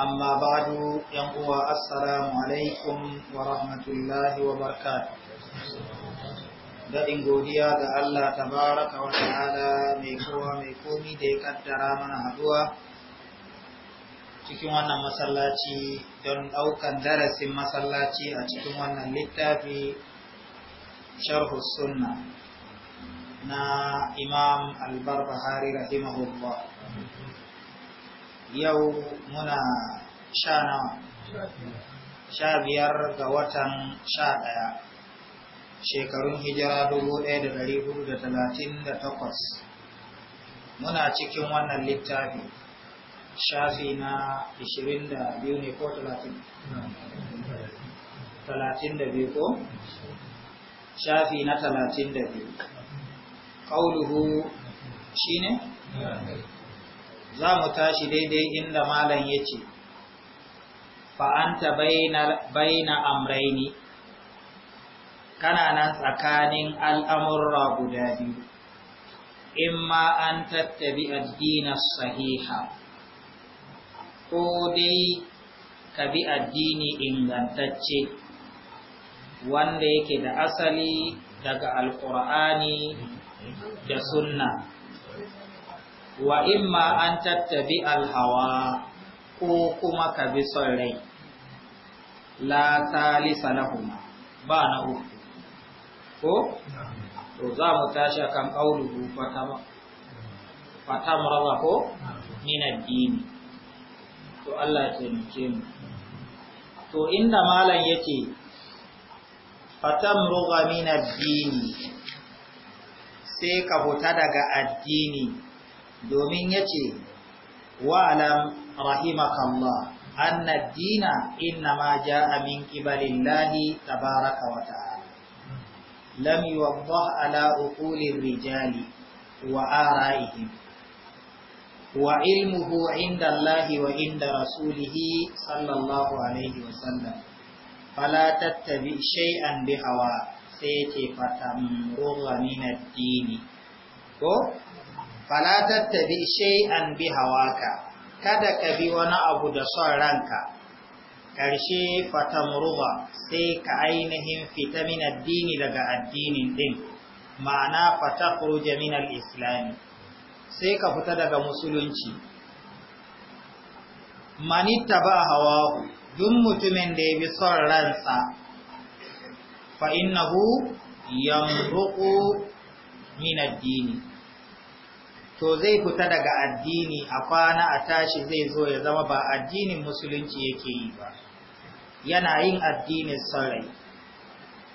amma ba'du yan uwa assalamu alaikum wa rahmatullahi wa barakatuh daɗin godiya ga Allah baraka wa hada mai kowa mai komi da ya kaddara mana haɗuwa cikin wannan masallaci don ɗaukan darasin masallaci a cikin wannan littafi sharhu sunna na imam albarbahari rahimahullah yau muna sha nawa sha biyar ga watan sha ɗaya shekarun hijira dubu ɗaya da ɗari hudu da talatin da takwas muna cikin wannan littafi shafi na ishirin da biyu ne ko talatin talatin da biyu ko shafi na talatin da biyu ƙauluhu shi ne za mu tashi daidai inda malam ya ce fa'anta baina amraini kana nan tsakanin al'amurra guda biyu in ma an tattabi addinin sahiha ko dai ka bi addini ingantacce wanda yake da asali daga alƙur'ani da sunna wa imma an tattabi alhawa ko kuma ka bi son rai la salisa lahuma ba na uku ko to za mu tashi kan qauluhu fatama fatamra ko min addini. to Allah ya taimake mu to inda malam yake fatamru min addini sai ka huta daga addini domin ya ce wa'alam rahimakallah anna dina inna ma ja'a min qibalillahi tabaraka wa ta'ala lam yuwaddah ala uqulir rijali wa ara'ihim wa ilmuhu inda Allahi wa inda rasulihi sallallahu alaihi wa sallam fala tattabi shay'an hawa, sai ya ce fatamrugha min ad-dini ko fala shai an bi hawaka kada ka bi wani abu da son ranka karshe fatamruba sai ka ainihin fita min addini daga addinin din ma'ana fatakhruja min al-islam sai ka fita daga musulunci manittaba hawahu duk mutumin da ya bi son ransa fa innahu min addini to zai fita daga addini a kwana a tashi zai zo ya zama ba addinin musulunci yake yi ba yana yin addinin sarai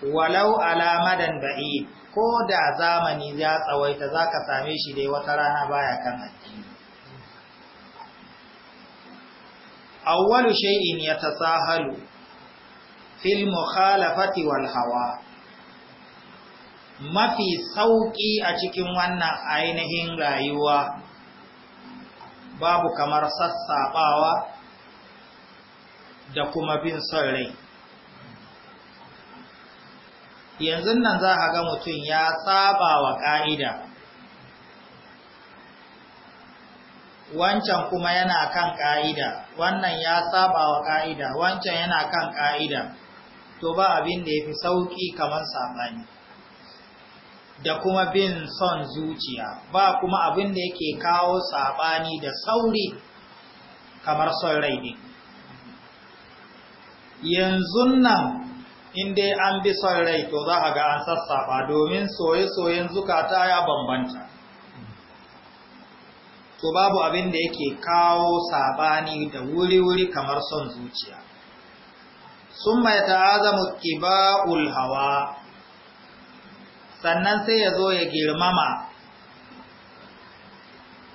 walau alamadan ba'i ko da zamani ya tsawaita za ka same shi dai wata rana baya kan addini awwalu shay'in yatasahalu fil mukhalafati wal hawa mafi sauƙi a cikin wannan ainihin rayuwa babu kamar sassaɓawa da kuma bin son rai yanzu nan za a ga mutum ya saba wa ƙa'ida wancan kuma yana kan ƙa'ida wannan ya saba wa ƙa'ida wancan yana kan ƙa'ida to ba abin da ya fi sauƙi kamar saɓani da kuma bin son zuciya ba kuma abin da yake kawo saɓani da sauri kamar son rai ne yanzu nan dai an bi son rai to za a ga an sassafa domin soye-soyen zukata ya bambanta to babu abin da yake kawo saɓani da wuri-wuri kamar son zuciya sun mai ta'azamu ƙiba'ul hawa sannan sai ya zo ya girmama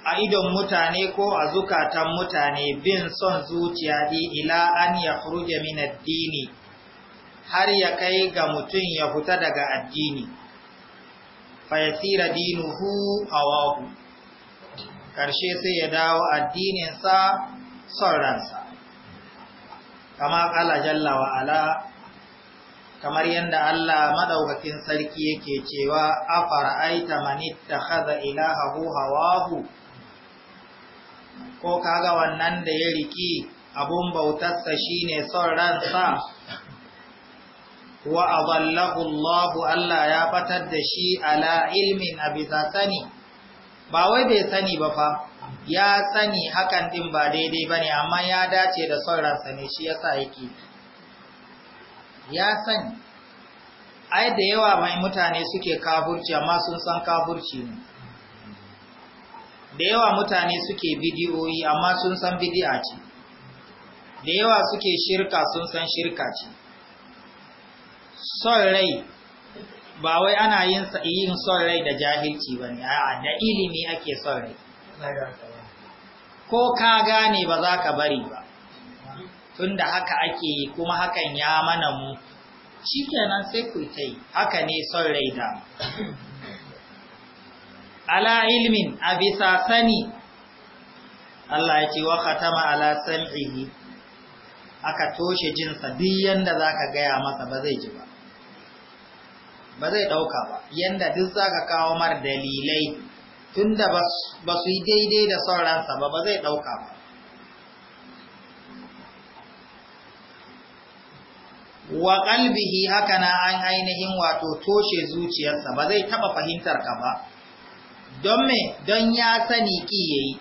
a idon mutane ko a zukatan mutane bin son zuciya di ila an ya furuje min addini har ya kai ga mutum ya fita daga addini fayasira a wahu karshe sai ya dawo addininsa son ransa kama ala jalla ala kamar yadda Allah madaukakin sarki yake cewa afara'aita man ittakhadha ilahahu hawahu ko kaga wannan da ya riki abun bautarsa shine son ransa wa adallahu Allah Allah ya fatar da shi ala ilmin abisa sani ba wai bai sani ba fa ya sani hakan din ba daidai bane amma ya dace da son ransa ne shi yasa yake ya sani ai da yawa mai mutane suke kafurci amma sun san kafurci ne da yawa mutane suke bidiyoyi amma sun san bidi'a ce da yawa suke shirka sun san shirka ce son rai ba wai ana yin yin son rai da jahilci bane a'a da ilimi ake son rai ko ka gane ba za ka bari ba tunda haka ake yi kuma hakan ya mana mu shikenan sai ku ta haka ne son rai da ala ilmin a sani Allah ya ce wa khatama ala sam'ihi aka toshe jinsa duk yanda zaka gaya masa ba zai ji ba ba zai dauka ba yanda duk zaka kawo mar dalilai tunda ba su yi daidai da son ba ba zai dauka ba wa qalbihi haka na an ainihin wato toshe zuciyarsa ba zai taba fahimtar ka ba don me don ya sani ki yayi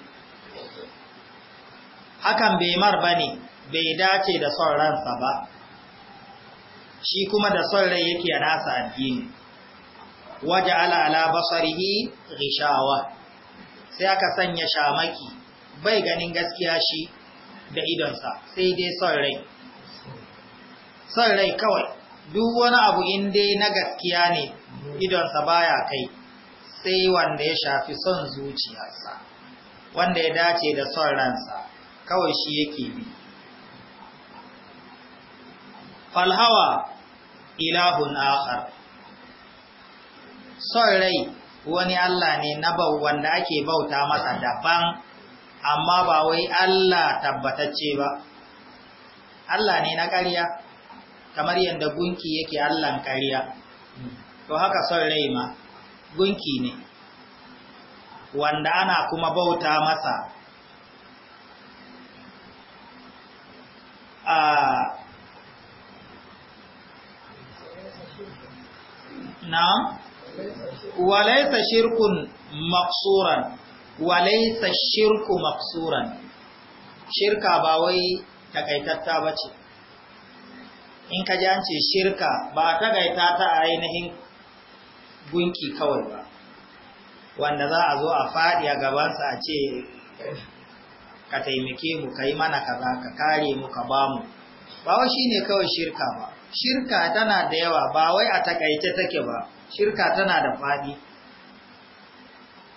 hakan bai mar bane bai dace da son ransa ba shi kuma da son rai yake nasa addini waje ala ala basarihi rishawa sai aka sanya shamaki bai ganin gaskiya shi da idonsa sai dai son rai son rai kawai duk wani abu in dai na gaskiya ne idonsa baya kai sai wanda ya shafi son zuciyarsa wanda ya dace da son ransa kawai shi yake bi falhawa ilahun akhar son rai wani Allah ne na bau wanda ake bauta masa daban amma ba wai Allah tabbatacce ba Allah ne na ƙarya kamar yadda gunki yake allan kariya. to haka son rai ma gunki ne wanda ana kuma bauta masa a na walaisa shirkun maksuran walaisa shirku maksuran shirka ba wai takaitatta ba ce in ka ji shirka ba a tagaita ta a ainihin gunki kawai ba wanda za a zo a faɗi a gabansa a ce ka taimake mu ka yi mana kaza ka kare mu ka ba mu ba wa shi ne kawai shirka ba shirka tana da yawa ba wai a takaice take ba shirka tana da faɗi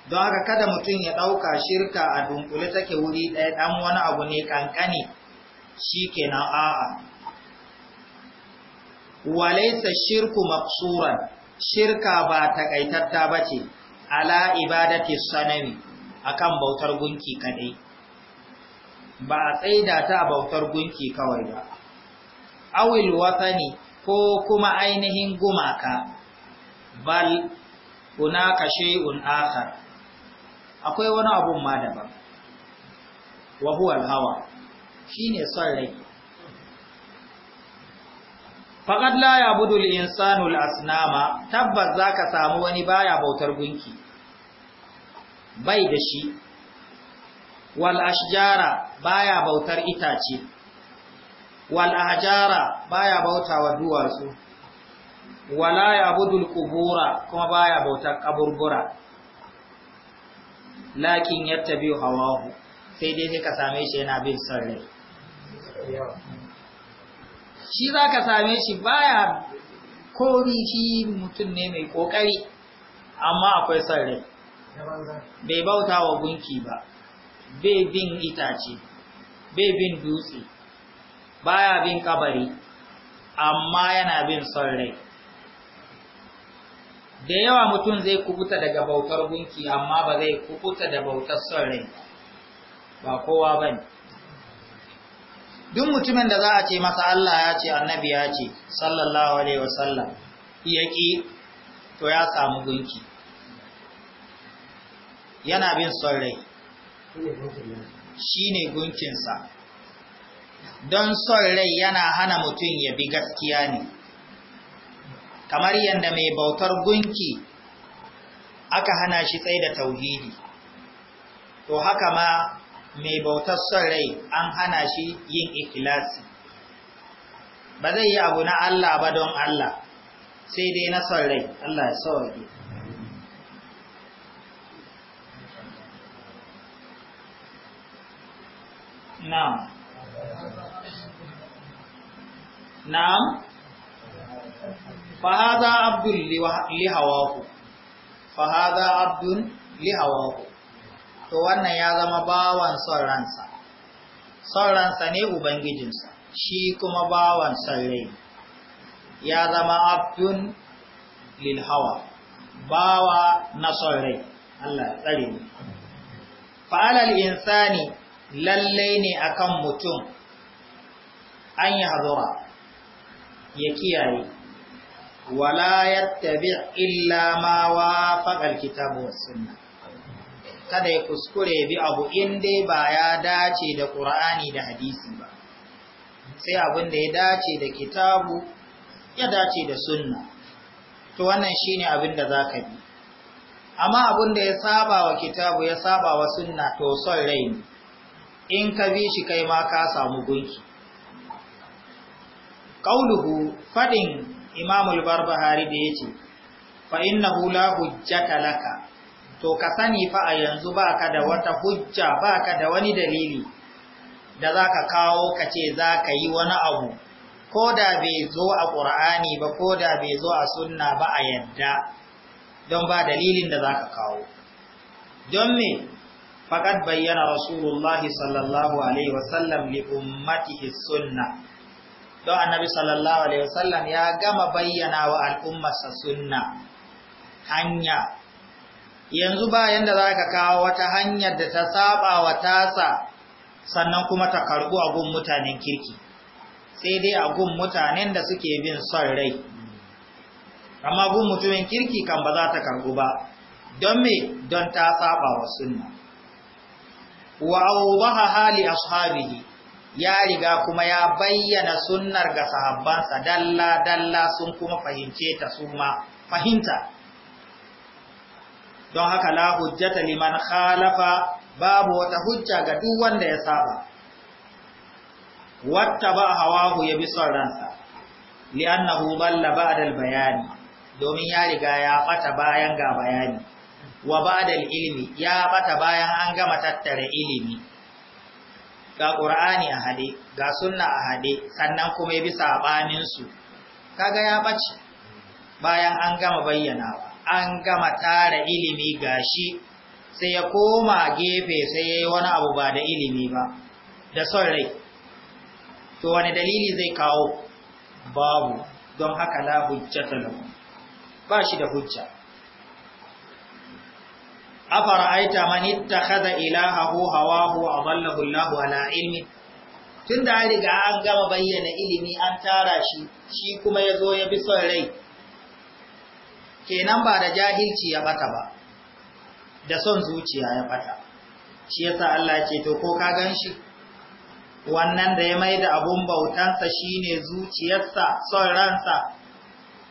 don haka kada mutum ya ɗauka shirka a dunkule take wuri ɗaya ɗan wani abu ne ƙanƙani shi kenan a'a walaisa shirku maqsuran shirka ba takaitatta bace ala ibadati sanami akan bautar gunki kadai ba a tsaida ta a bautar gunki kawai ba awil watani ko kuma ainihin gumaka bal hunaka shay'un akhar akwai wani abun ma daban wa huwa al-hawa shine son rai faqad la yabudu al-insanu al-asnama tabbas ka samu wani baya bautar gunki bai da shi wal ashjara baya bautar itace wal ahjara baya bautawa duwatsu wala yabudu al-qubura kuma baya bautar ƙaburbura. lakin yattabi hawahu sai dai sai ka same shi yana bin son shi za ka same shi baya kori shi mutum ne mai ƙoƙari amma akwai son bai bauta wa gunki ba bai bin itace bai bin dutse baya bin kabari amma yana bin son rai da yawa mutum zai kubuta daga bautar gunki amma ba zai kubuta da bautar son rai ba kowa bane duk mutumin da za a ce masa Allah ya ce annabi ya ce sallallahu alaihi wasallam yaki to ya samu gunki yana bin son rai shine gunkinsa don son rai yana hana mutum ya bi gaskiya ne kamar yadda mai bautar gunki aka hana shi tsaye da tauhidi to haka ma mai bautar son rai an hana shi yin ikilasi ba zai yi abu na Allah ba don Allah sai dai na son rai Allah ya sauke na'am na'am fa abdun abdul lihawahu fa to wannan ya zama bawan son ransa son ransa ne ubangijinsa shi kuma bawan son ya zama abdun lilhawa, bawa na son rai Allah tsare mu fa'alal insani lallai ne akan mutum an yi hazura ya kiyaye wala yattabi illa ma wafaqa alkitabu was kada ya kuskure bi abu in ba ya dace da ƙura'ani da hadisi ba sai abin da ya dace da kitabu ya dace da sunna to wannan shine abin da za ka bi amma abin da ya saba wa kitabu ya saba wa sunna to son rai ne in ka bi shi kai ma ka samu gunki qauluhu fadin imamul barbahari da yace fa innahu la hujjata laka to ka sani fa a yanzu baka da wata hujja baka da wani dalili da za ka kawo ka ce ka yi wani abu ko da bai zo a ƙur'ani ba ko da bai zo a sunna ba a yadda don ba dalilin da za ka kawo don me faƙad bayyana rasulullahi sallallahu alaihi wasallam li ummatihi sunna don annabi sallallahu alaihi wasallam ya gama bayyana wa al'ummarsa sunna hanya yanzu ba yanda za ka kawo wata hanyar da ta saba wa tasa sannan kuma ta karbu a gun mutanen kirki sai dai a gun mutanen da suke bin son rai amma gun mutumin kirki kan ba za ta karbu ba don me don ta saba wa sunna wa awbaha hali ashabihi ya riga kuma ya bayyana sunnar ga sahabbansa dalla dalla sun kuma fahimce ta su ma fahimta don haka la hujjata liman khalafa babu wata hujja ga duk wanda ya saba hawa hawahu ya bi son ransa li'annahu balla ba'da al-bayani domin ya riga ya fata bayan ga bayani wa ba'da al-ilmi ya ɓata bayan an gama tattare ilimi ga qur'ani a hade ga sunna a hade sannan kuma ya bi sabanin su kaga ya bace bayan an gama bayyanawa an gama tara ilimi gashi sai ya koma gefe sai ya yi wani abu ba da ilimi ba da son rai to wani dalili zai kawo babu don haka la ta lahu ba shi da hujja A afara'aita man ittakhadha ilahahu hawahu adallahu Allahu ala ilmi tunda an riga an gama bayyana ilimi an tara shi shi kuma ya zo ya bi son rai kenan ba da jahilci ya bata ba da son zuciya ya bata shi yasa Allah ke to ko ka ganshi wannan da ya da abun bautansa shine zuciyarsa son ransa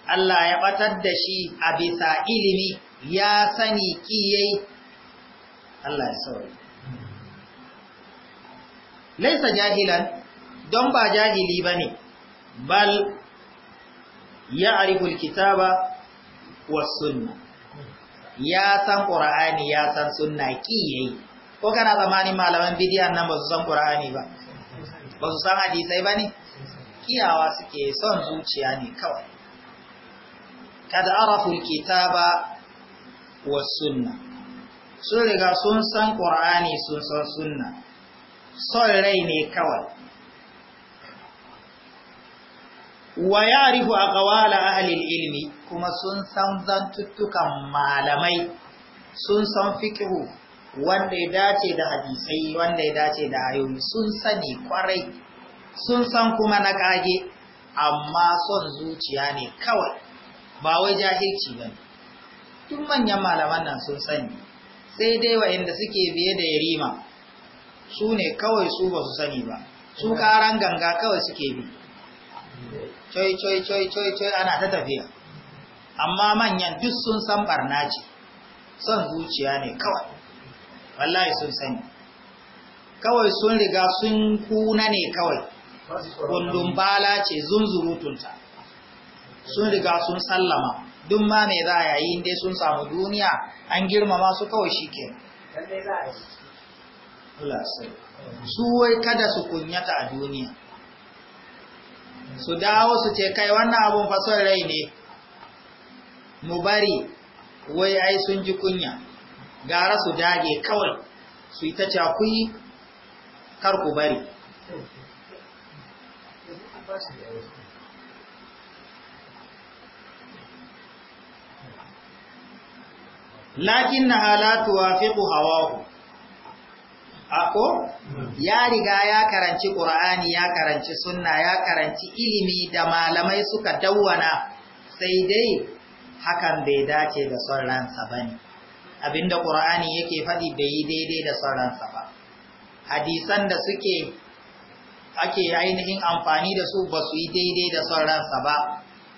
Allah ya batar da shi a bisa ilimi ya sani kiyai Allah ya sauri laisa jahilan don ba jahili bane bal ya ariful ba. wasunna ya san ƙura'ani ya san sunna ƙi yayi ko kana zamanin malaman bidiya nan ba su san ƙura'ani ba ba su san hadisai ba ne kiyawa suke son zuciya ne kawai kad araful kitaba wa sunna sun riga sun san ƙura'ani sun san sunna son rai ne kawai wa ya'rifu aqwala ahli ilmi kuma sun san zantuttukan malamai sun san fikihu wanda ya dace da hadisai wanda ya dace da ayoyi sun sani kwarai sun san kuma na kage amma son zuciya ne kawai ba wai jahilci ba tun manyan malaman nan sun sani sai dai inda suke biye da yarima su ne kawai su ba su sani ba su karan ganga kawai suke bi coi coi coi coi coi ana ta tafiya amma manyan duk sun san barna ce son zuciya ne kawai wallahi sun sani kawai sun riga sun kuna ne kawai kundin bala ce zunzurutunta sun riga sun sallama duk ma mai za a yayi inda sun samu duniya an girmama su kawai shi ke su wai kada su kunyata a duniya su dawo su ce kai wannan abun fason rai ne mu bari wai ai sun ji kunya gara su dage kawai su yi ta cakuyi kar ku bari lakin na halatu wa hawahu ako ya riga ya karanci qur'ani ya karanci sunna ya karanci ilimi da malamai suka dawwana sai dai hakan bai dace da son ransa bane abinda qur'ani yake faɗi bai yi daidai da son ransa ba hadisan da suke ake ainihin amfani da su ba su yi daidai da son ransa ba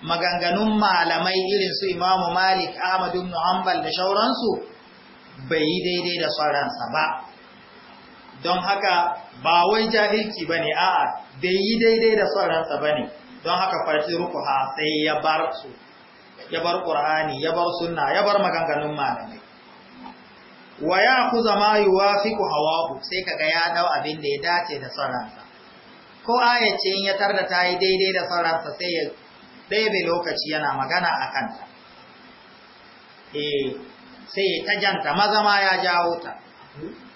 maganganun malamai irin su imamu malik Ahmadu, Muhammad da shauransu bai yi daidai da son ransa ba don haka ba wai jahilci ba ne a'a bai yi daidai da sauransa ransa ba ne don haka farci ha sai ya bar su ya bar ƙur'ani ya bar sunna ya bar maganganun malamai wa ya ku zama yiwuwa fi ku hawa sai kaga ya dau abin da ya dace da sauransa. ransa ko ayace in ya tarda ta yi daidai da sauransa sai ya ɗebe lokaci yana magana a kanta eh sai ta janta mazama ya jawo ta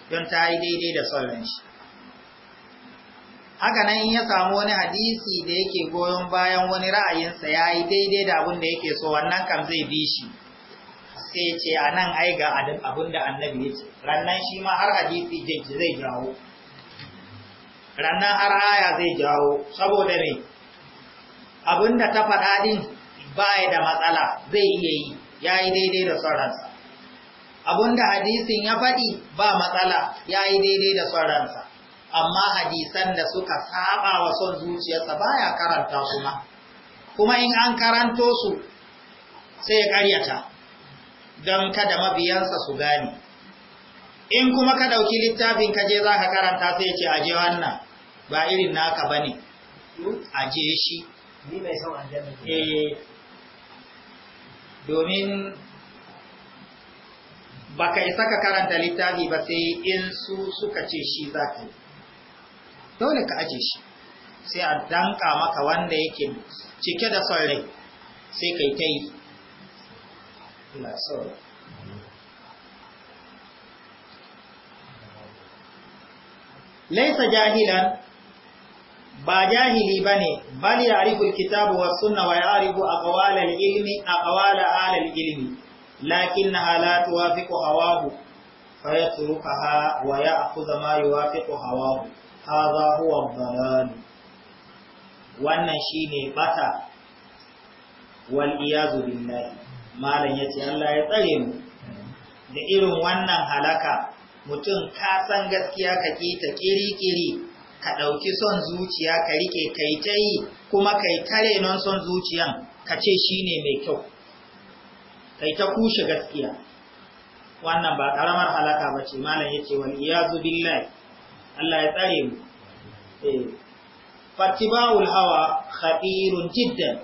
don ta yi daidai da tsoron shi haka nan in ya samu wani hadisi da yake goyon bayan wani ra'ayinsa ya yi daidai da abin da yake so wannan kan zai bi shi sai ce a nan ai ga abin da annabi ya ce rannan shi ma har hadisi zai jawo rannan har aya zai jawo saboda ne abin da ta faɗa ɗin ba da matsala zai iya yi ya yi daidai da sauransa abinda hadisin ya faɗi ba matsala ya yi daidai da son amma hadisan da suka saba wa son zuciyarsa baya karanta su ma kuma in an karanto su sai ya karyata don kada mabiyansa su gane in kuma ka ɗauki littafin ka je za ka karanta sai ce aje wannan ba irin naka ba ne aje shi eh. domin baka isa ka karanta littafi ba sai in su suka ce shi za ka yi dole ka aje shi sai a danka maka wanda yake cike da son rai sai kai ta yi laisa jahilan ba jahili ba ne bal ya rikul kitabu wa suna wa ya a al'ilmi ilmi lakinnaha la tuwafiqu hawahu fayatrukaha wa ya'khudha ma yuwafiqu hawahu hadha huwa ad-dalal wannan shine bata wal iyazu billahi malam yace Allah ya tsare mu da irin wannan halaka mutum ka san gaskiya ka kita kiri ka ɗauki son zuciya ka riƙe kai ta yi kuma kai tare non son zuciyan ka ce shine mai kyau kai ta kushe gaskiya wannan ba karamar halaka ba ce malam ya ce wal iyazu billahi Allah ya tsare mu eh fatiba'ul hawa khatirun jiddan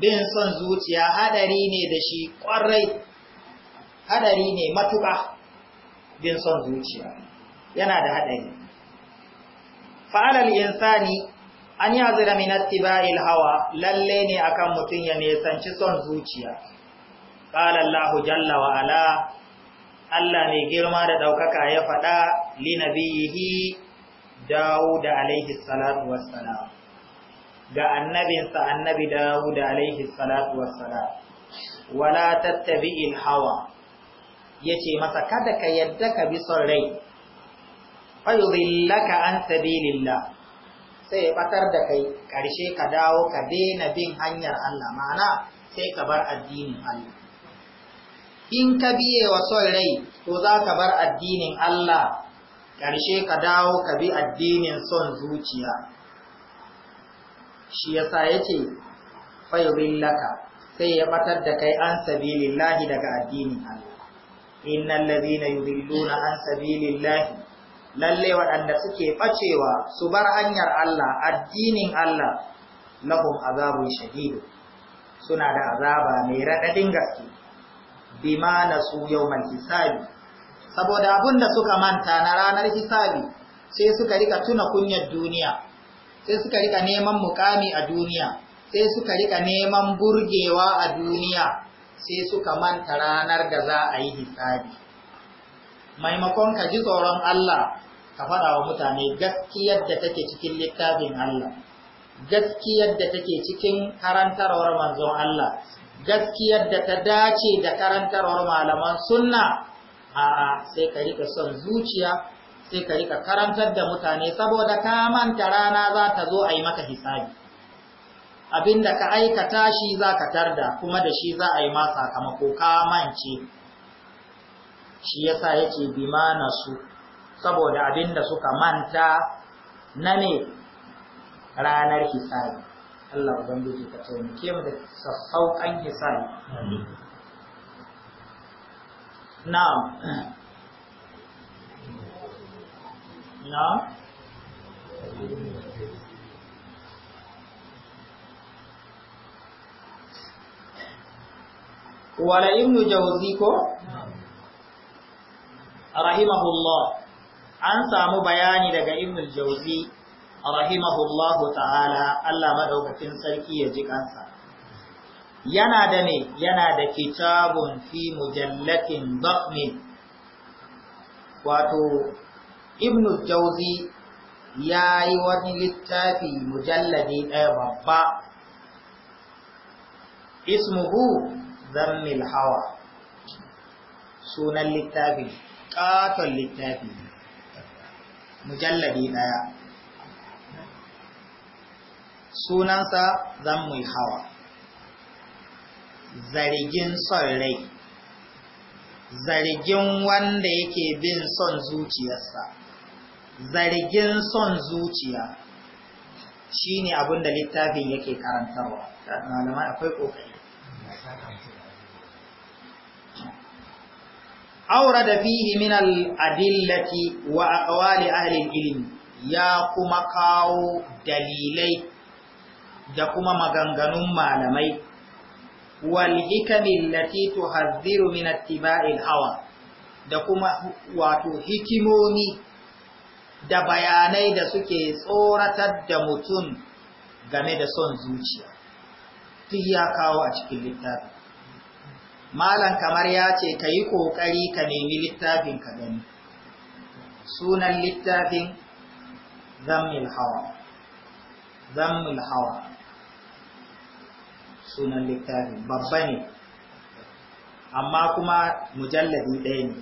bin son zuciya haɗari ne da shi kwarai hadari ne matuƙa bin son zuciya yana da haɗari. fa'alal insani an yazira min ittiba'il hawa lalle ne akan mutum ya nesanci son zuciya qala Allah jalla wa ala Allah ne girma da daukaka ya faɗa li nabiyihi Dawud alaihi salatu wassalam ga annabinsa annabi Dawud alaihi salatu wassalam wala tattabi'il hawa yace masa kada ka yadda ka bi son rai fayudillaka an sabilillah sai ya batar da kai ƙarshe ka dawo ka daina bin hanyar Allah ma'ana sai ka bar addinin Allah in ka biye wa son rai to za ka bar addinin Allah ƙarshe ka dawo ka bi addinin son zuciya shi yasa yace laka sai ya batar da kai an sabilillahi daga addinin Allah innal ladhina yudilluna an sabilillahi lalle waɗanda suke ɓacewa su bar hanyar Allah addinin Allah lahum azabun shahidu suna da azaba mai raɗaɗin gaske bima nasu yawmal hisabi saboda abin da suka manta na ranar hisabi sai suka rika tuna kunyar duniya sai suka rika neman mukami a duniya sai suka rika neman burgewa a duniya sai suka manta ranar da za a yi hisabi maimakon ka ji tsoron Allah ka faɗa wa mutane gaskiyar da take cikin littafin Allah gaskiyar da take cikin karantarwar manzon Allah gaskiyar da ta dace da karantarwar malaman sunna a sai ka rika son zuciya sai ka rika karantar da mutane saboda ka manta rana za ta zo a yi maka hisabi abinda ka aikata shi za ka tarda kuma da shi za a yi ma sakamako ka mance shi yasa yake bima su, saboda abin da suka manta na ne ranar hisabi Allah ubangiji ka taimake mu da sassauƙan hisabi na'am na'am wala ibnu jawzi ko rahimahullah an samu bayani daga ibnu jauzi. رحمه الله تعالى الله مدوكتين سركي جكانسا يجيك دني ينا يناد كتاب في مجلد ضخم واتو ابن الجوزي يا ايوان للتافي مجلد اي بابا اسمه ذم الحوى سونا للتافي قاتل للتافي مجلد اي بابا sunansa zan mu hawa zargin son rai zargin wanda yake bin son zuciyarsa zargin son zuciya shi ne abinda littafin yake karantarwa malamai akwai kokari da fihi min al’adillaki wa a ƙawali ilimi ya kuma kawo dalilai da kuma maganganun malamai wal hikamin lati tuhadhiru min ittiba'il hawa da kuma wato hikimomi da bayanai da suke tsoratar da mutum game da son zuciya duk ya kawo a cikin littafi malam kamar ya ce ka yi ƙoƙari ka nemi littafin ka gani sunan littafin zammil hawa zammil hawa sunan littafin babba ne amma kuma mujalladi ɗaya ne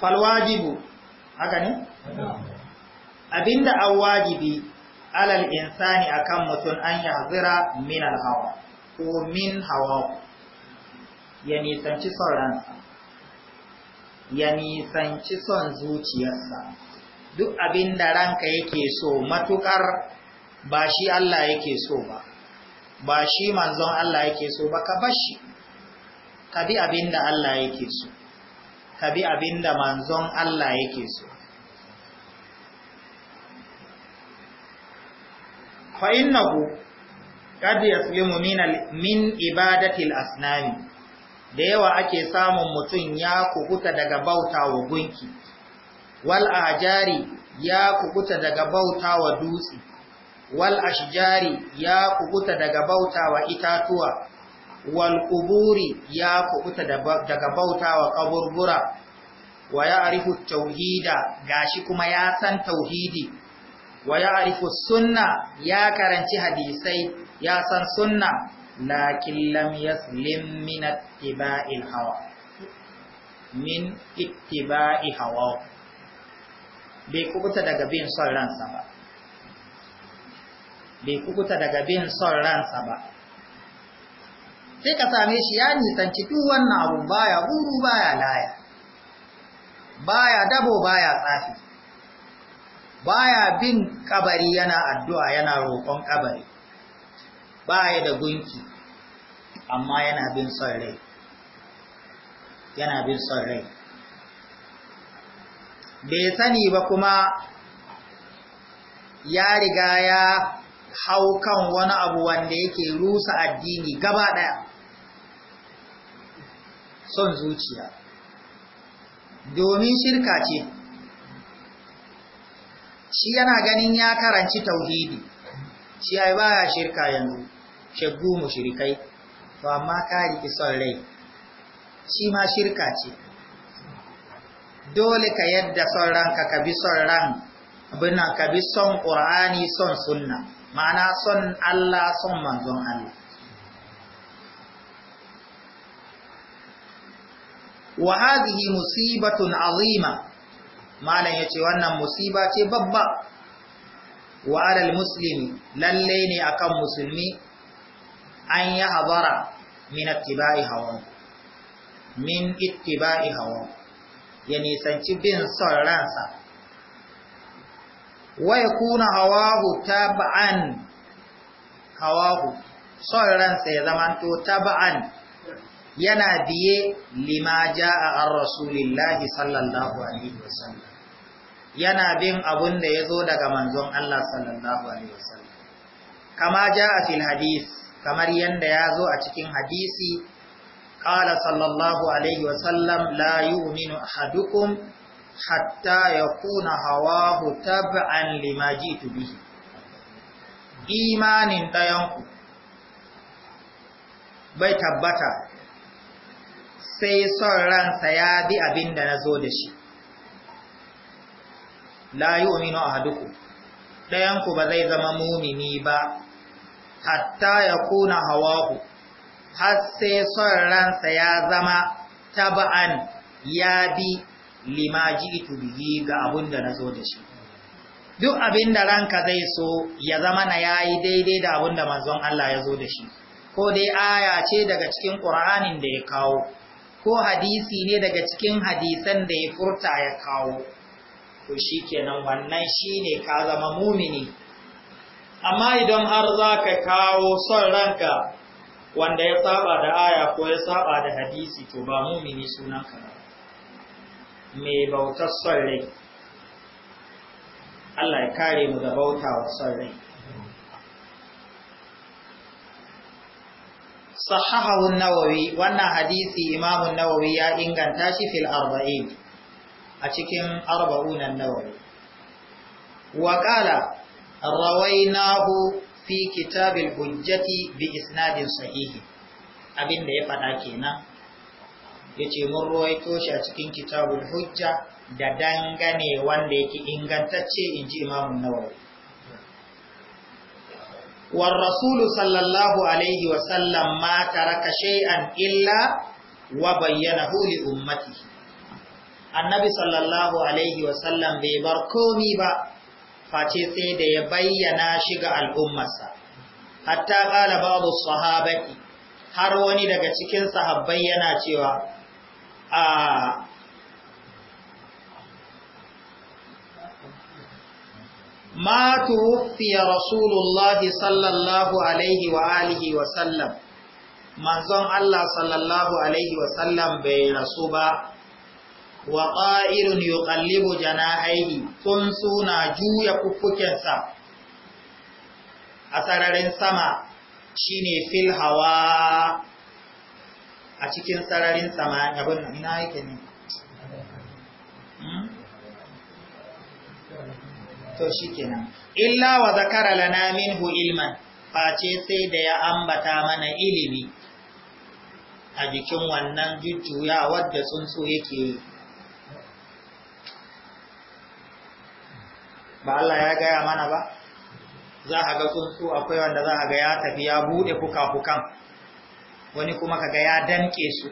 falwajibu haka ne? abinda an wajibi alal insani akan mutum an hazira min hawa ko min hawa ya nisanci son ransa ya nisanci son zuciyarsa duk abin da ranka yake so matukar ba shi Allah yake so ba ba shi manzon Allah yake so ba ka bashi ka bi abin da Allah yake so ka bi abin da manzon Allah yake so fa innahu kad yaslimu min min ibadati al-asnam da yawa ake samun mutum ya kubuta daga bauta wa gunki wal ajari ya kukuta daga bautawa dutse wal ashjari ya kukuta daga bautawa itatuwa wal kuburi ya kukuta daga bautawa kaburbura wa ya arifu tauhida gashi kuma ya san tauhidi wa ya arifu sunna ya karanci hadisai ya san sunna na lam yaslim min hawa min ittiba'i hawa bai kubuta daga bin son ransa ba bai kubuta daga bin son ransa ba sai ka same shi ya nisanci duk wannan abun baya guru baya laya baya dabo baya tsafi baya bin kabari yana addu'a yana roƙon kabari baya da gunki amma yana bin son rai yana bin son rai bai sani ba kuma ya riga ya hau kan wani abu wanda yake rusa addini gaba ɗaya son zuciya domin shirka ce shi yana ganin ya karanci tauhidi shi ai baya shirka yanzu shaggu shirikai, to amma ka ki son rai shi ma shirka ce dole ka yadda son ranka ka bi son ran bina ka bi son ƙur'ani son sunna ma'ana son Allah son manzon Allah wa hadhihi musibatun azima malam yace wannan musiba ce babba wa alal muslimi lalle ne akan musulmi an ya habara min ittiba'i hawa min ittiba'i hawa ya nisanci bin son ransa wai kuna hawahu taba'an hawahu son ransa ya ta taba'an yana biye lima ja'a an rasulillahi sallallahu alaihi wasallam yana bin abun da ya zo daga manzon Allah sallallahu alaihi wasallam kama ja'a fil hadis kamar yanda ya zo a cikin hadisi قال صلى الله عليه وسلم لا يؤمن أحدكم حتى يكون هواه تبعا لما جئت به إيمان ديانكم bai tabbata sai son ransa ya bi abinda na zo da shi la yi ominu a haduku ɗayanku ba zai zama mumini ba hatta ya kuna hawaku har sai son ransa ya zama taba'an ya bi lima ita bihi ga abin da nazo da shi duk abin da ranka zai so ya zama na yayi daidai da abin da manzon Allah ya zo da shi ko dai aya ce daga cikin Qur'anin da ya kawo ko hadisi ne daga cikin hadisan da ya furta ya kawo to shikenan wannan shine ka zama mumini amma idan har zaka kawo son ranka wanda ya saba da aya ko ya saba da hadisi to ba mumini sunan ka Me bautar son Allah ya kare mu da bauta wa son rai nawawi wannan hadisi imamu nawawi ya inganta shi fil arba'in a cikin arba'un nawawi wa qala rawainahu fi kitabil hujjati bi isnadin sahihi abin da ya faɗa kenan ya ce mun ruwaito shi a cikin kitabul hujja da dangane wanda yake ingantacce in ji imamun nawawi war rasulu sallallahu alaihi wa sallam ma taraka shay'an illa wa bayyanahu li ummatihi annabi sallallahu alaihi wa sallam bai bar komi ba face sai da ya bayyana shi ga al'ummarsa hatta qala babu sahabati har wani daga cikin sahabbai yana cewa a ma tuwfiya Rasulullah sallallahu alaihi wa alihi wa sallam manzon Allah sallallahu alaihi wa sallam bai rasu ba wa ƙa'irun yuqallibu janahaihi sun suna juya kuffukensa a sararin sama shine fil hawa a cikin sararin sama abin nan ina yake ne hmm? to shikenan illa wa zakara lana minhu ilman face sai da ya ambata mana ilimi a jikin wannan jujjuya wadda so yake yi ba Allah ya gaya mana ba za a ga tsuntsu akwai wanda za a ga ya tafi ya buɗe fuka-fukan wani kuma kaga ya danke su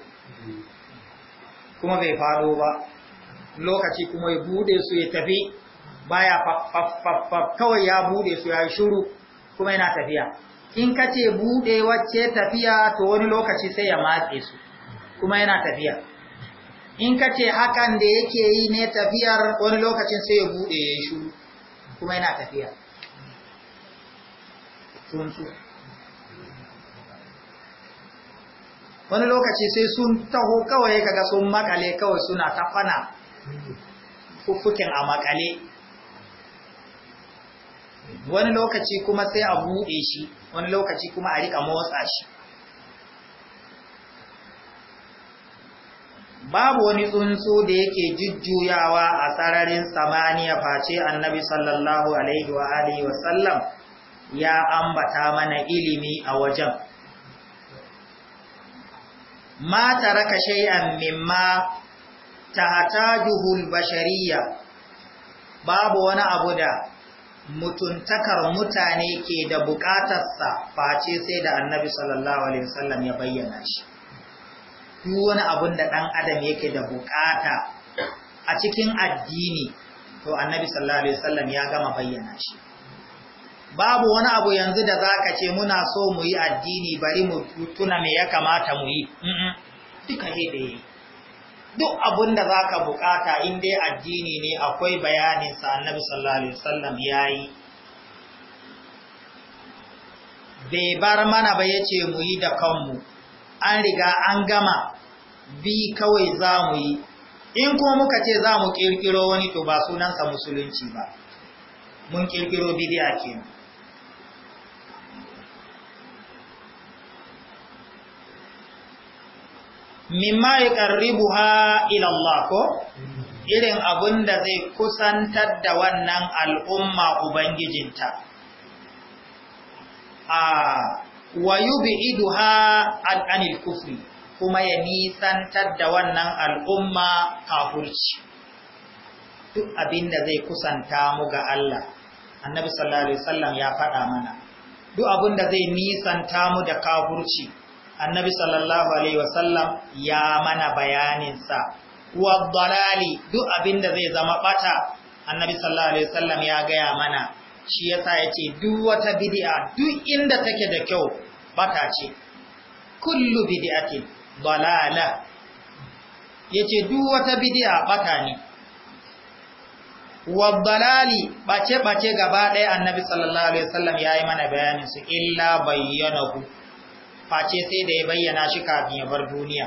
kuma bai faro ba lokaci kuma ya buɗe su ya tafi baya faffaffaff kawai ya buɗe su ya yi shuru kuma yana tafiya in ka ce buɗe wacce tafiya to wani lokaci sai ya matse su kuma yana tafiya in ka ce hakan da yake yi ne tafiyar wani lokacin sai ya buɗe ya yi shuru kuma yana tafiya su wani lokaci sai sun taho kawai kaga sun makale kawai suna tafana fukukin a makale wani lokaci kuma sai a buɗe shi wani lokaci kuma a rika motsa shi babu wani tsuntsu da yake jujjuyawa a sararin samaniya face annabi sallallahu alaihi wa alihi wa ya ambata mana ilimi a wajen Mata taraka shay'an mimma tahtajuhu bashariyya babu wani abu da mutuntakar mutane ke da buƙatarsa face sai da annabi sallallahu alaihi wasallam ya bayyana shi duk wani abun da ɗan adam yake da bukata a cikin addini to annabi sallallahu alaihi wasallam ya gama bayyana shi babu wani abu yanzu da zaka ce muna so mu yi addini bari mu tuna me ya kamata mu yi duka duk abun da zaka bukata in dai addini ne akwai bayanin sa annabi sallallahu alaihi wasallam yayi bai bar mana ba yace mu yi da kanmu an riga an gama bi kawai za mu yi in ko muka ce za mu ƙirƙiro wani to ba sunansa musulunci ba mun ƙirƙiro bidiya ke mimma ya ƙarribu ha ilallako irin abun da zai kusantar da wannan al'umma ubangijinta a ah, wa yub'iduha an anil kufri kuma ya nisantar da wannan al'umma kafirci duk abinda zai kusanta mu ga Allah annabi sallallahu alaihi wasallam ya faɗa mana duk abinda zai nisanta mu da kafirci annabi sallallahu alaihi wasallam ya mana bayanin sa wa dalali duk abinda zai zama bata annabi sallallahu alaihi wasallam ya gaya mana shi yasa yace duk wata bid'a duk inda take da kyau bata ce kullu bid'atin dalala yace duk wata bid'a bata ne Wa waddalali bace bace gaba ɗaya annabi sallallahu alaihi wasallam yayi mana bayanin su illa bayyanahu face sai da ya bayyana shi kafin ya bar duniya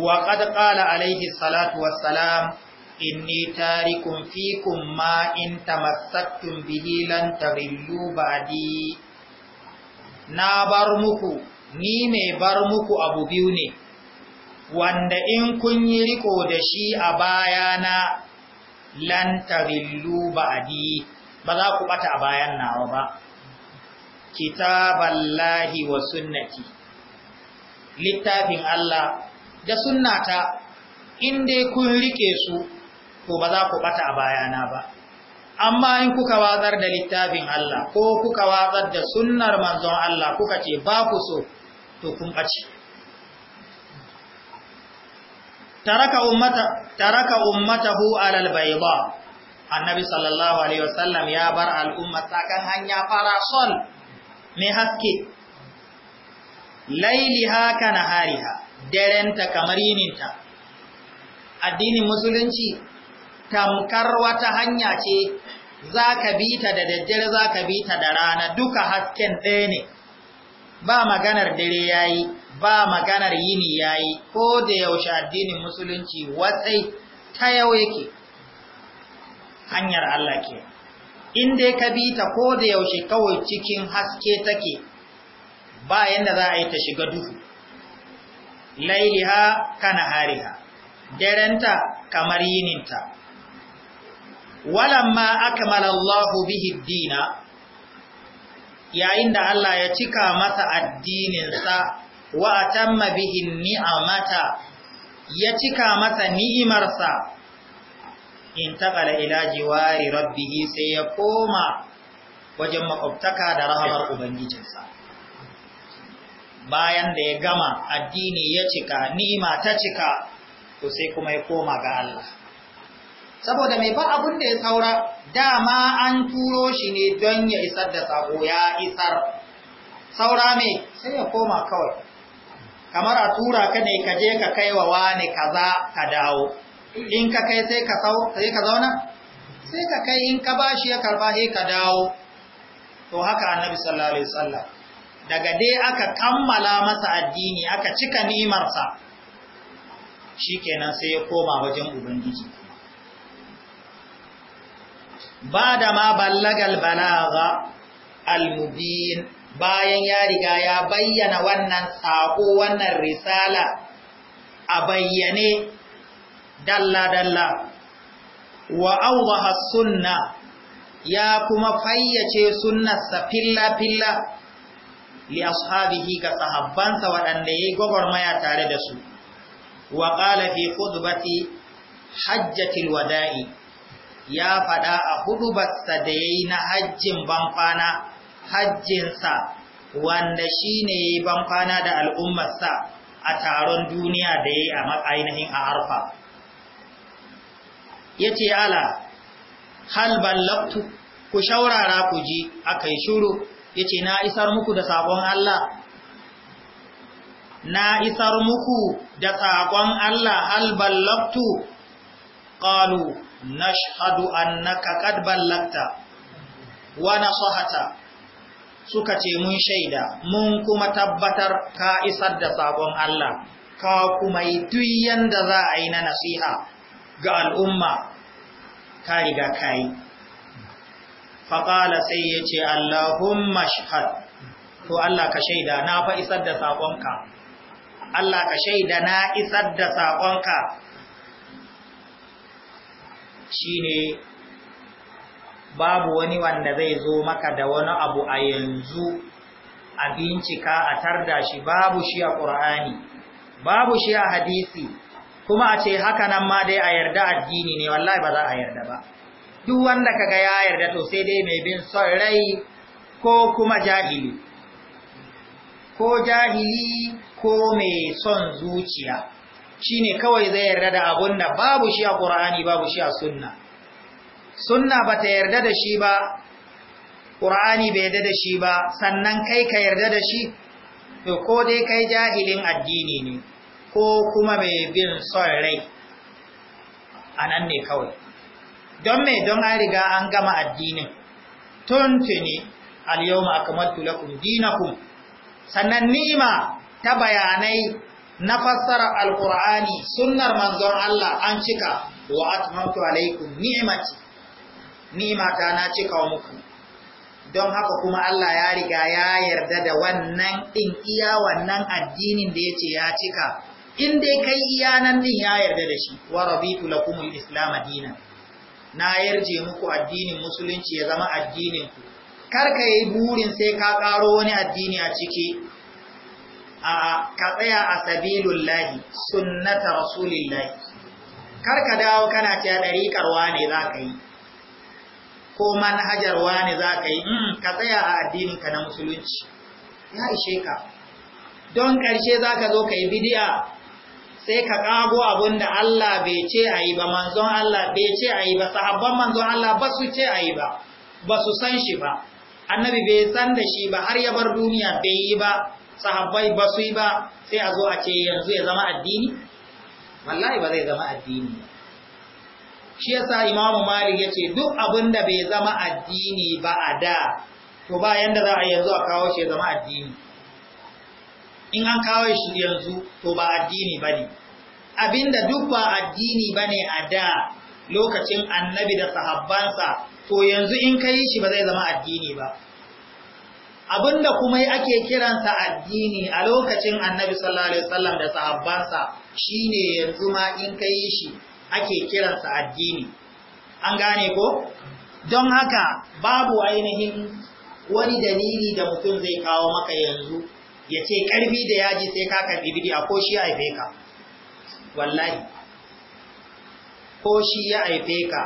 wa qad qala alaihi salatu wassalam inni taarikum fiikum maa in tamassattum bihi lan tabilluu ba'di naa bar muku nii mee bar muku abu biyu ne wanda in kun yi riko da shi a bayana lan tabilluu ba'di ba za ku ɓata a bayan nawa ba kitaballahi wa sunnati littafin allah da sunnata in dai kun riƙe su to ba za ku bata a bayana ba amma in kuka watsar da littafin Allah ko kuka watsar da sunnar manzon Allah kuka ce ba ku so to kun bace taraka ummata taraka ummatahu alal bayda annabi sallallahu alaihi wasallam ya bar al'umma tsakan hanya fara son mai haske haka kana hariha darenta kamar yininta addinin musulunci tamkar wata hanya ce za ka bi ta da daddare za ka bi ta da rana duka hasken ɗaya ne ba maganar dare ya yi ba maganar yini ya yi ko da yaushe addinin musulunci watsai ta yau yake hanyar Allah ke in dai ka bi ta ko da yaushe kawai cikin haske take ba yadda za a yi ta shiga duhu lailiha kana hariha darenta kamar yininta walamma ma Allahu bihi dina yayin da Allah ya cika masa addininsa wa atamma bihi ni'amata ya cika masa ni'imarsa in taqala ila jiwari rabbih sai ya koma wajen makwabtaka da rahamar ubangijinsa bayan da ya gama addini ya cika ni'ima ta cika to sai kuma ya koma ga Allah saboda mai ba abin da ya saura dama an turo shi ne don ya isar da sako ya isar saura mai sai ya koma kawai kamar a tura ka ne ka je ka kai wa wani kaza ka dawo in ka kai sai ka zauna sai ka kai in ka bashi ya karba sai ka dawo to haka annabi sallallahu alaihi wasallam daga dai aka kammala masa addini aka cika nimarsa shikenan sai ya koma wajen ubangiji ba da ma ballagal balaga almubin bayan ya riga ya bayyana wannan sako wannan risala a bayyane dalla-dalla wa awdaha sunna ya kuma fayyace sunnarsa filla-filla li ashabihi ga sahabbansa waɗanda ya yi gwagwarmaya tare da su wa ƙala fi hajjatil wada'i ya faɗa a hudubarsa da ya yi na hajjin bankwana hajjinsa wanda shi ne ya yi bankwana da al'ummarsa a taron duniya da ya yi a matsayin a arfa ya ce ala hal ballabtu ku shaurara ku ji a kai shuru ya ce na isar muku da sabon Allah na isar muku da saƙon Allah hal ƙalu nashhadu annaka qad ballagta wa nasahata suka ce mun shaida mun kuma tabbatar ka isar da sabon Allah ka kuma yi duk yanda za a yi na nasiha ga al'umma ka riga kai sai yace Allahumma shahad to Allah ka shaida na fa isar da sabonka Allah ka shaida na isar da sabonka shine babu wani wanda zai zo maka da wani abu a yanzu a bincika a tarda shi babu shi a ƙur'ani babu shi a hadisi kuma a ce haka nan ma dai a yarda addini ne wallahi ba za a yarda ba duk wanda kaga ya yarda to sai dai mai bin son rai ko kuma jahili ko jahili ko mai son zuciya shine kawai zai yarda da abun da babu shi a Qur'ani babu shi a sunna sunna bata yarda da shi ba Qur'ani bai yarda da shi ba sannan kai ka yarda da shi to ko dai kai jahilin addini ne ko kuma mai bin son rai anan ne kawai don me don an riga an gama addinin tuntuni al-yawma akmaltu lakum dinakum sannan ni'ima ta bayanai na fassara alkur'ani sunnar manzon Allah an cika wa atmamtu alaikum ni'mati ni'mata na cika muku don haka kuma Allah ya riga ya yarda da wannan din iya wannan addinin da yace ya cika in dai kai iya nan din ya yarda da shi wa rabitu lakumul islam dinan na yarje muku addinin musulunci ya zama addinin ku kar ka yi burin sai ka karo wani addini a ciki a ka tsaya a sabilullahi sunnata rasulillahi kar ka dawo kana cewa ɗariƙar wane za ka yi ko manhajar wane za ka yi mm, ka tsaya a addininka na musulunci ya ishe ka don ƙarshe za ka zo ka yi bidiya sai ka ƙago abin da Allah bai ce a yi ba manzon Allah bai ce a yi ba sahabban manzon Allah ba su ce a yi ba ba su san shi ba annabi bai san da shi ba har ya bar duniya bai yi ba sahabbai ba su yi ba sai a zo a ce yanzu ya zama addini wallahi ba zai zama addini shi yasa imamu malik yace duk abin da bai zama addini ba a da to ba yanda za a yanzu a kawo shi ya zama addini in an kawo shi yanzu to ba addini ba ne abinda duk ba addini bane a da lokacin annabi da sahabbansa to yanzu in kai shi ba zai zama addini ba abinda kuma ake kiransa addini a lokacin annabi sallallahu alaihi wasallam da sahabbansa shine yanzu ma in kai shi ake kiransa addini an gane ko don haka babu ainihin wani dalili da mutum zai kawo maka yanzu ya ce ƙarfi da yaji sai ka karbi ko shi haife ka wallahi ko shi ya haife ka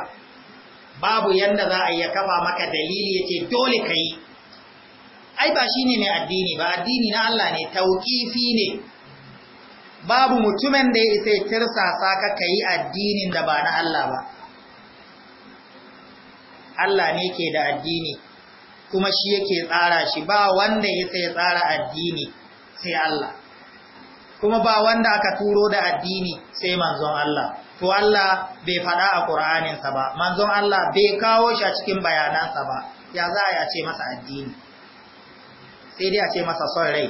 babu yanda za a iya kafa maka dalili ya ce dole ka yi ai ba shine mai addini ba addini na Allah ne tauqifi ne babu mutumin da ya isa ya tirsasa ka kai addinin da ba na Allah ba Allah ne ke da addini kuma shi yake tsara shi ba wanda ya sai tsara addini sai Allah kuma ba wanda aka turo da addini sai manzon Allah to Allah bai faɗa a sa ba manzon Allah bai kawo shi a cikin bayanansa ba ya za a ce masa addini sai dai a ce masa son rai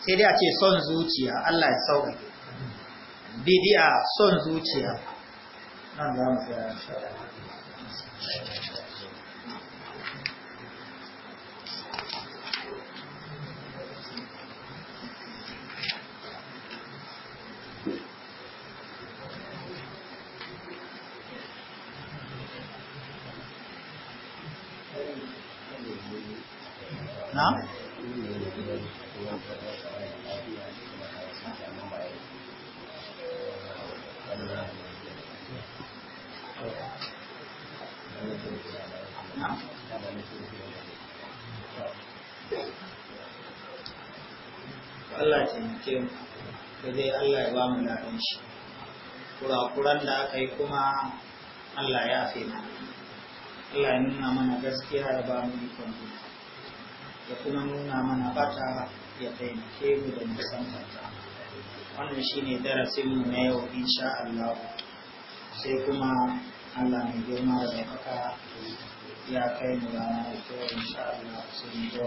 sai dai a ce son zuciya Allah ya sauka bidiya son zuciya nan za mu kai kuma Allah ya fi na Allah ya nuna mana gaskiya ya ba mu ikon ya kuma nuna mana bata ya taimake mu da musamman wannan darasin mu na yau insha Allah sai kuma Allah mai girma da ɗaukaka ya kai mu rana da kyau insha Allah sun you.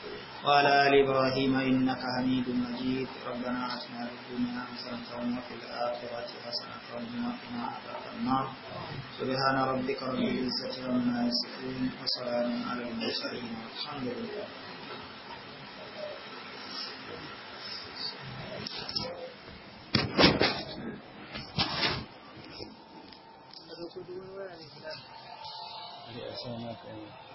وعلى آل إبراهيم إنك حميد مجيد ربنا آتنا في الدنيا حسنة وفي الآخرة حسنة وقنا عذاب النار سبحان ربك رب العزة عما يصفون وسلام على المرسلين والحمد لله Thank you.